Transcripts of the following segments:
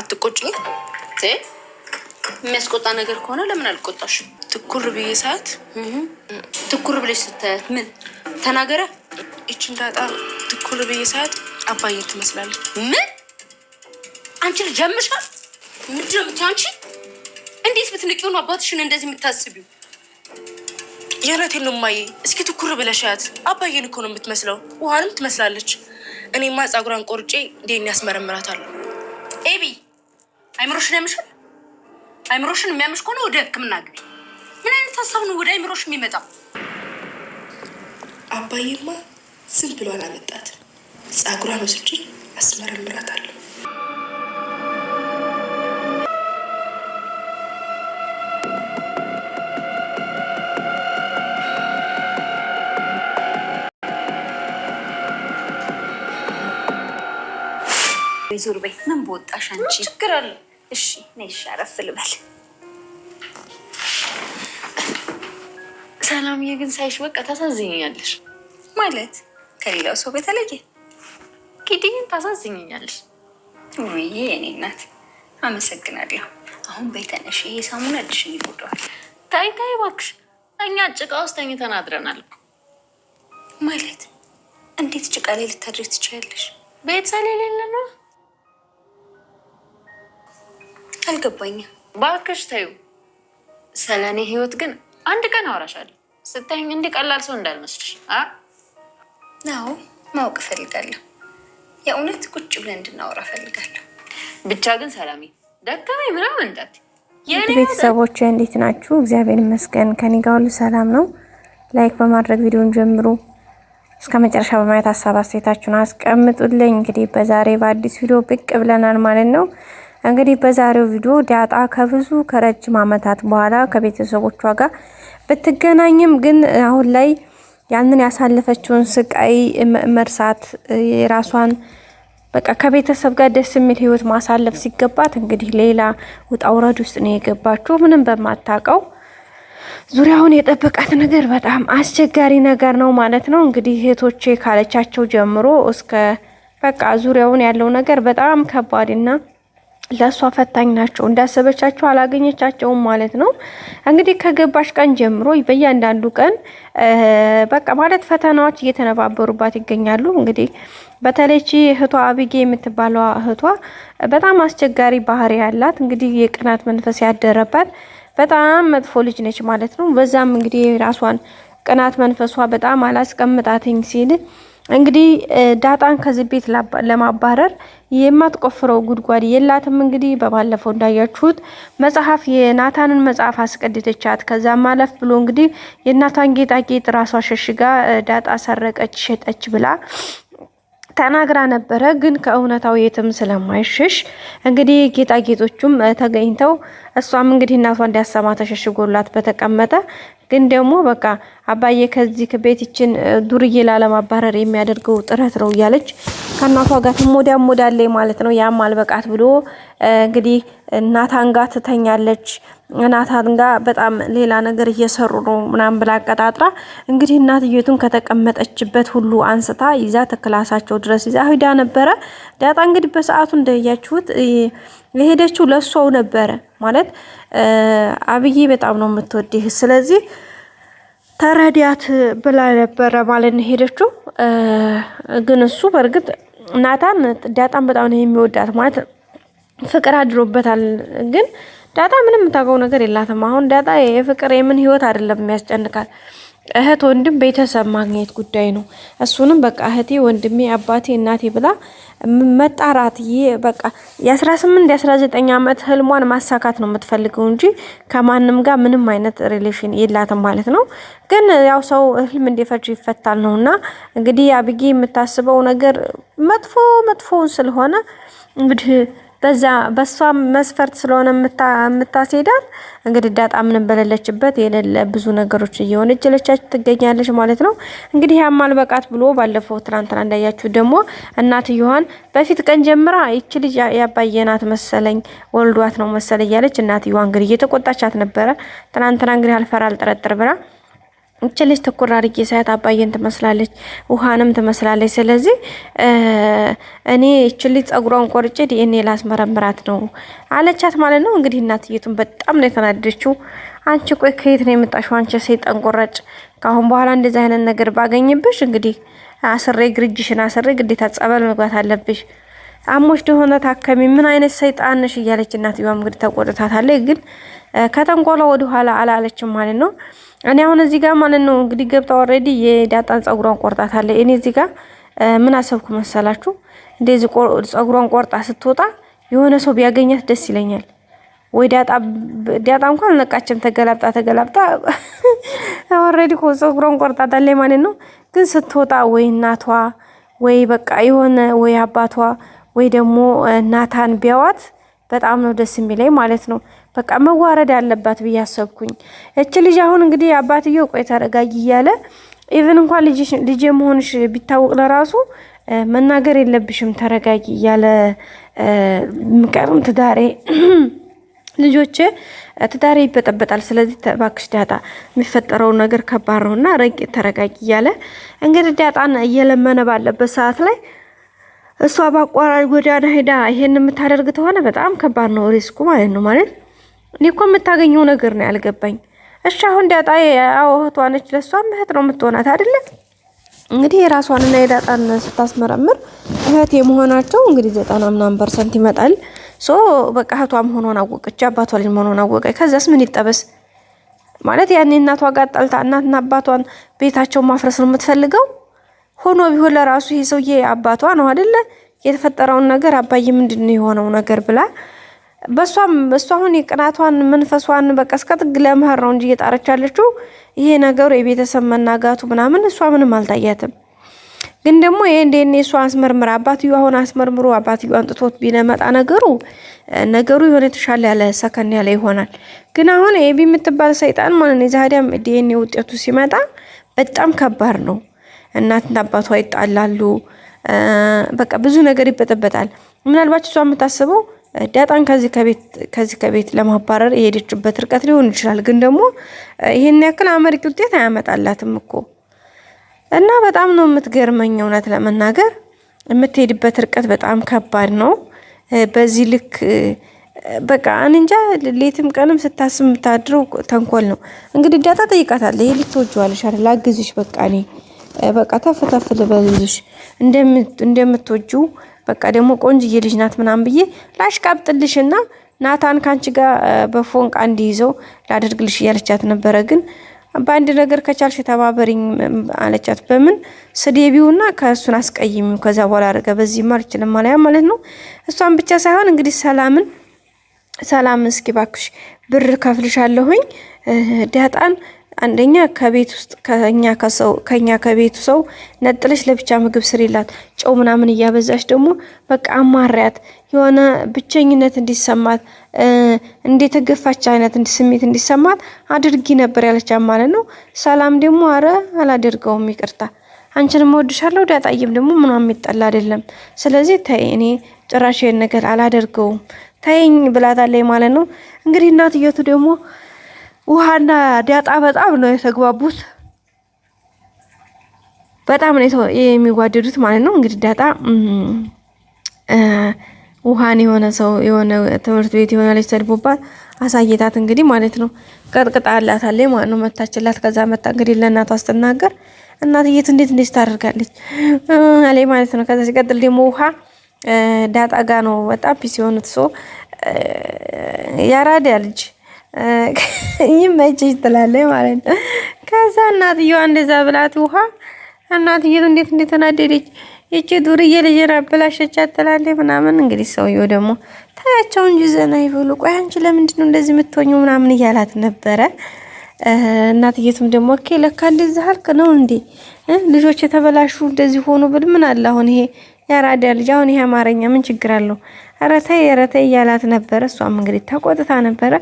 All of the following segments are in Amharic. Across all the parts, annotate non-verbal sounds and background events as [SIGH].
አትቆጭኝ። የሚያስቆጣ ነገር ከሆነ ለምን አልቆጣሽ? ትኩር ብዬ ሰዓት ትኩር ብለሽ ስታያት ምን ተናገረ? ይቺ እንዳጣ ትኩር ብዬ ሰዓት አባዬ ትመስላለች። ምን አንቺ ልጅ ጀምሻል? ምንድን ነው የምትይው አንቺ? እንዴት ብትንቂው ነው አባትሽን እንደዚህ የምታስቢው? የእውነቴን ነው እማዬ። እስኪ ትኩር ብለሻያት አባዬን እኮ ነው የምትመስለው። ውሃንም ትመስላለች። እኔማ ፀጉሯን ቆርጬ ዴን ያስመረምራታለሁ። ኤቢ አይምሮሽን ያምሻል። አይምሮሽን የሚያምሽ ከሆነ ወደ ሕክምና ግቢ። ምን አይነት ሀሳብ ነው ወደ አይምሮሽ የሚመጣው? አባዬማ ዝም ብሎ አላመጣት። ጸጉሯን ወስጄ አስመረምራታለሁ። ዞር በይ። ምን በወጣሽ አንቺ ችግር አለ እሺ ነሽ አረፍ ልበል። ሰላምዬ ግን ሳይሽ በቃ ታሳዝኝኛለሽ። ማለት ከሌላው ሰው በተለየ ኪድኝን ታሳዝኝኛለሽ። ውይ የኔ እናት አመሰግናለሁ። አሁን በይተነሽ፣ ይሄ ሳሙና እድሽን ይጎዳዋል። ታይ ታይ እባክሽ፣ እኛ ጭቃ ውስጥ ተኝተን አድረናል። ማለት እንዴት ጭቃ ላይ ልታድሪ ትችያለሽ? ቤት ሰሌ ነው አልገባኝም። እባክሽ ተይው። ህይወት ግን አንድ ቀን አወራሻለሁ። ስታይኝ እንዲህ ቀላል ሰው እንዳልመስልሽ። አዎ ማወቅ እፈልጋለሁ። የእውነት ቁጭ ብለን እንድናወራ እፈልጋለሁ። ብቻ ግን ሰላሜ ደከመኝ ምናምን እንዳት ቤተሰቦች እንዴት ናችሁ? እግዚአብሔር ይመስገን ከኔ ጋር ሁሉ ሰላም ነው። ላይክ በማድረግ ቪዲዮን ጀምሩ እስከ መጨረሻ በማየት ሀሳብ አስተያየታችሁን አስቀምጡልኝ። እንግዲህ በዛሬ በአዲስ ቪዲዮ ብቅ ብለናል ማለት ነው። እንግዲህ በዛሬው ቪዲዮ ዳጣ ከብዙ ከረጅም ዓመታት በኋላ ከቤተሰቦቿ ጋር ብትገናኝም ግን አሁን ላይ ያንን ያሳለፈችውን ስቃይ መርሳት የራሷን በቃ ከቤተሰብ ጋር ደስ የሚል ህይወት ማሳለፍ ሲገባት እንግዲህ ሌላ ውጣ ውረድ ውስጥ ነው የገባችው። ምንም በማታውቀው ዙሪያውን የጠበቃት ነገር በጣም አስቸጋሪ ነገር ነው ማለት ነው። እንግዲህ እህቶቼ ካለቻቸው ጀምሮ እስከ በቃ ዙሪያውን ያለው ነገር በጣም ከባድና ለእሷ ፈታኝ ናቸው። እንዳሰበቻቸው አላገኘቻቸውም ማለት ነው። እንግዲህ ከገባሽ ቀን ጀምሮ በእያንዳንዱ ቀን በቃ ማለት ፈተናዎች እየተነባበሩባት ይገኛሉ። እንግዲህ በተለይቺ እህቷ አብጌ የምትባለዋ እህቷ በጣም አስቸጋሪ ባህሪ ያላት እንግዲህ የቅናት መንፈስ ያደረባት በጣም መጥፎ ልጅ ነች ማለት ነው። በዛም እንግዲህ ራሷን ቅናት መንፈሷ በጣም አላስቀምጣትኝ ሲል እንግዲህ ዳጣን ከዚህ ቤት ለማባረር የማትቆፍረው ጉድጓድ የላትም። እንግዲህ በባለፈው እንዳያችሁት መጽሐፍ የናታንን መጽሐፍ አስቀድተቻት ከዛ ማለፍ ብሎ እንግዲህ የእናቷን ጌጣጌጥ ራሷ ሸሽጋ ዳጣ ሰረቀች ሸጠች ብላ ተናግራ ነበረ። ግን ከእውነታው የትም ስለማይሸሽ እንግዲህ ጌጣጌጦቹም ተገኝተው እሷም እንግዲህ እናቷ እንዲያሰማ ተሸሽጎላት በተቀመጠ ግን ደግሞ በቃ አባዬ ከዚህ ቤትችን ዱርዬ ላለማባረር የሚያደርገው ጥረት ነው እያለች ከእናቷ ጋር ትሞዳ ሞዳለ ማለት ነው። ያም አልበቃት ብሎ እንግዲህ እናታን ጋር ትተኛለች። ናታን ጋር በጣም ሌላ ነገር እየሰሩ ነው ምናምን ብላ አቀጣጥራ እንግዲህ እናትየቱን ከተቀመጠችበት ሁሉ አንስታ ይዛ ተክላሳቸው ድረስ ይዛ ሂዳ ነበረ። ዳጣ እንግዲህ በሰዓቱ እንደያችሁት የሄደችው ለሷው ነበረ ማለት አብዬ በጣም ነው የምትወድህ፣ ስለዚህ ተረዳት ብላ ነበረ ማለት ነው ሄደችው። ግን እሱ በእርግጥ ናታን ዳጣን በጣም ነው የሚወዳት ማለት ፍቅር አድሮበታል ግን ዳጣ ምንም የምታውቀው ነገር የላትም። አሁን ዳጣ የፍቅር የምን ህይወት አይደለም የሚያስጨንቃል እህት ወንድም፣ ቤተሰብ ማግኘት ጉዳይ ነው። እሱንም በቃ እህቴ፣ ወንድሜ፣ አባቴ፣ እናቴ ብላ መጣራት በቃ የ18 የአስራ ዓመት ህልሟን ማሳካት ነው የምትፈልገው እንጂ ከማንም ጋር ምንም አይነት ሪሌሽን የላትም ማለት ነው። ግን ያው ሰው ህልም እንዲፈጅ ይፈታል ነው እና እንግዲህ አብጌ የምታስበው ነገር መጥፎ መጥፎውን ስለሆነ እንግዲህ በዛ በሷ መስፈርት ስለሆነ የምታስሄዳት እንግዲህ ዳጣ ምንም በሌለችበት የሌለ ብዙ ነገሮች እየሆነች ለቻችሁ ትገኛለች ማለት ነው። እንግዲህ ያማል በቃት ብሎ ባለፈው ትናንትና እንዳያችሁ ደግሞ እናትየዋን በፊት ቀን ጀምራ ይቺ ልጅ ያባየናት መሰለኝ ወልዷት ነው መሰለኝ እያለች እናትየዋ እንግዲህ እየተቆጣቻት ነበረ። ትናንትና እንግዲህ አልፈራ አልጠረጥር ብላ እች ልጅ ትኩር አድርጌ ሳያት አባዬን ትመስላለች፣ ውሃንም ትመስላለች። ስለዚህ እኔ እች ልጅ ጸጉሯን ቆርጬ ዲኤንኤ ላስመረምራት ነው አለቻት ማለት ነው። እንግዲህ እናትየቱን በጣም ነው የተናደችው። አንቺ ቆይ ከየት ነው የመጣሽው? አንቺ ሰይጣን ቆራጭ፣ ከአሁን በኋላ እንደዚህ አይነት ነገር ባገኝብሽ እንግዲህ አስሬ ግርጅሽን አስሬ ግዴታ ጸበል መግባት አለብሽ። አሞሽ ደሆነ ታከሚ፣ ምን አይነት ሰይጣንሽ እያለች እናትየዋም እንግዲህ ተቆጥታታለች። ግን ከተንኮሏ ወደኋላ አላለችም ማለት ነው። እኔ አሁን እዚህ ጋር ማለት ነው እንግዲህ ገብታ ኦልሬዲ የዳጣን ጸጉሯን ቆርጣታለች። እኔ እዚህ ጋር ምን አሰብኩ መሰላችሁ? እንደዚህ ጸጉሯን ቆርጣ ስትወጣ የሆነ ሰው ቢያገኛት ደስ ይለኛል። ወይ ዳጣ ዳጣ እንኳን አልነቃችም። ተገላብጣ ተገላብጣ ኦልሬዲ [LAUGHS] እኮ ጸጉሯን ቆርጣታለች ማለት ነው። ግን ስትወጣ ወይ እናቷ ወይ በቃ የሆነ ወይ አባቷ ወይ ደግሞ ናታን ቢያዋት በጣም ነው ደስ የሚለኝ ማለት ነው። በቃ መዋረድ አለባት ብዬ አሰብኩኝ። እች ልጅ አሁን እንግዲህ አባትየው ቆይ ተረጋጊ እያለ ኢቨን እንኳን ልጅ መሆንሽ ቢታወቅ ለራሱ መናገር የለብሽም ተረጋጊ እያለ ምቀርም ትዳሬ ልጆቼ ትዳሬ ይበጠበጣል። ስለዚህ ተባክሽ ዳጣ የሚፈጠረው ነገር ከባድ ረቂ ተረጋጊ እያለ እንግዲህ ዳጣን እየለመነ ባለበት ሰዓት ላይ እሷ በአቋራጭ ጎዳና ሄዳ ይሄን የምታደርግ ተሆነ በጣም ከባድ ነው ሪስኩ ማለት ነው ማለት እኔ እኮ የምታገኘው ነገር ነው ያልገባኝ። እሺ አሁን ዳጣ ያው እህቷ ነች፣ ለእሷም እህት ነው የምትሆናት አይደለም። እንግዲህ የራሷንና የዳጣን ስታስመረምር እህት የመሆናቸው እንግዲህ ዘጠና ምናምን ፐርሰንት ይመጣል። ሶ በቃ እህቷ መሆኗን አወቀች፣ አባቷ ልጅ መሆኗን አወቀች። ከዛስ ምን ይጠበስ ማለት ያኔ እናቷ ጋር ጣልታ እናትና አባቷን ቤታቸውን ማፍረስ ነው የምትፈልገው። ሆኖ ቢሆን ለራሱ ይሄ ሰውዬ አባቷ ነው አይደለ? የተፈጠረውን ነገር አባዬ ምንድን ነው የሆነው ነገር ብላ በእሷም እሷ አሁን የቅናቷን መንፈሷን በቃ እስከ ጥግ ለመሄድ ነው እንጂ እየጣረች ያለችው ይሄ ነገሩ የቤተሰብ መናጋቱ ምናምን እሷ ምንም አልታያትም። ግን ደግሞ ይህ እንደ እሷ አስመርምር አባትዩ አሁን አስመርምሮ አባትዩ አንጥቶት ቢነመጣ ነገሩ ነገሩ የሆነ የተሻለ ያለ ሰከን ያለ ይሆናል። ግን አሁን ኤቢ የምትባል ሰይጣን ማለት ነው ዛዲያም ዲኤንኤ ውጤቱ ሲመጣ በጣም ከባድ ነው። እናትና አባቷ ይጣላሉ። በቃ ብዙ ነገር ይበጠበጣል። ምናልባት እሷ የምታስበው ዳጣን ከዚህ ከቤት ከዚህ ከቤት ለማባረር የሄደችበት ርቀት ሊሆን ይችላል። ግን ደግሞ ይህን ያክል አመርቂ ውጤት አያመጣላትም እኮ እና በጣም ነው የምትገርመኝ። እውነት ለመናገር የምትሄድበት ርቀት በጣም ከባድ ነው። በዚህ ልክ በቃ እንጃ ሌትም ቀንም ስታስብ የምታድረው ተንኮል ነው። እንግዲህ ዳጣ ጠይቃታለች። ይሄ ልትወጂዋለሽ አይደል? አግዝሽ በቃ እኔ በቃ ተፍ ተፍ ልበልልሽ እንደምትወጂው በቃ ደግሞ ቆንጅዬ ልጅ ናት ምናምን ብዬ ላሽቃብጥልሽና ናታን ካንቺ ጋር በፎንቅ አንድ ይዘው ላደርግልሽ እያለቻት ነበረ። ግን በአንድ ነገር ከቻልሽ ተባበሪኝ አለቻት። በምን ስደቢውና ከእሱን አስቀይሚው ከዛ በኋላ አድርገ በዚህ አልችልም ማለያ ማለት ነው። እሷን ብቻ ሳይሆን እንግዲህ ሰላምን ሰላም እስኪ ባክሽ ብር ከፍልሻለሁኝ ዳጣን አንደኛ ከቤት ውስጥ ከኛ ከሰው ከኛ ከቤቱ ሰው ነጥለሽ ለብቻ ምግብ ስሪላት። ጨው ምናምን እያበዛሽ ደግሞ በቃ አማሪያት የሆነ ብቸኝነት እንዲሰማት እንደተገፋች አይነት ስሜት እንዲሰማት አድርጊ ነበር ያለቻ ማለት ነው። ሰላም ደግሞ አረ አላደርገውም ይቅርታ አንቺንም እወድሻለሁ ዳጣዬም ደግሞ ምንም የሚጠላ አይደለም። ስለዚህ ተይ እኔ ጭራሽ ነገር አላደርገውም ተይኝ ብላታለች ማለት ነው። እንግዲህ እናትየቱ ደግሞ ውሃና ዳጣ በጣም ነው የተግባቡት። በጣም ነው የሚዋደዱት ማለት ነው። እንግዲህ ዳጣ ውሃን የሆነ ሰው የሆነ ትምህርት ቤት የሆነ ልጅ ሰድቦባት አሳየታት እንግዲህ ማለት ነው። ቀጥቅጣ አላታለች ማለት ነው። መታችላት። ከዛ መታ እንግዲህ ለእናቷ ስትናገር እናትየት እንዴት እንዴት ታደርጋለች አለ ማለት ነው። ከዛ ሲቀጥል ደግሞ ውሃ ዳጣ ጋ ነው በጣም ፒስ የሆኑት ሰው ያራዳ ልጅ [LAUGHS] ይመችሽ ትላለች ማለት ነው። ከዛ እናትየዋ እንደዛ ብላት ውሃ እናትየቱ እንዴት እንደተናደደች ይቺ ዱርዬ ልጄን አበላሸቻት ትላለች ምናምን። እንግዲህ ሰውየው ደግሞ ታያቸው እንጂ ዘና ይበሉ፣ ቆይ አንቺ ለምንድን ነው እንደዚህ የምትሆኚው ምናምን እያላት ነበረ። እናትየቱም ደግሞ ኦኬ ለካ እንደዚህ አልክ ነው እንዴ ልጆች የተበላሹ እንደዚህ ሆኑ ብል ምን አለ አሁን ይሄ ያራዳ ልጅ አሁን ይሄ አማርኛ ምን ችግር አለው? ኧረ ተይ ኧረ ተይ እያላት ነበረ። እሷም እንግዲህ ተቆጥታ ነበረ።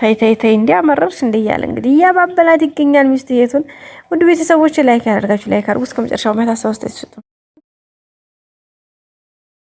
ተይ ተይ ተይ እንዲ አመረርሽ እንዲ እያለ እንግዲህ እያባበላት ይገኛል ሚስትየቱን። ውድ ቤተሰቦች ላይክ ያደርጋችሁ ላይክ አድርጉ። እስከ መጨረሻው መታሰብ ውስጥ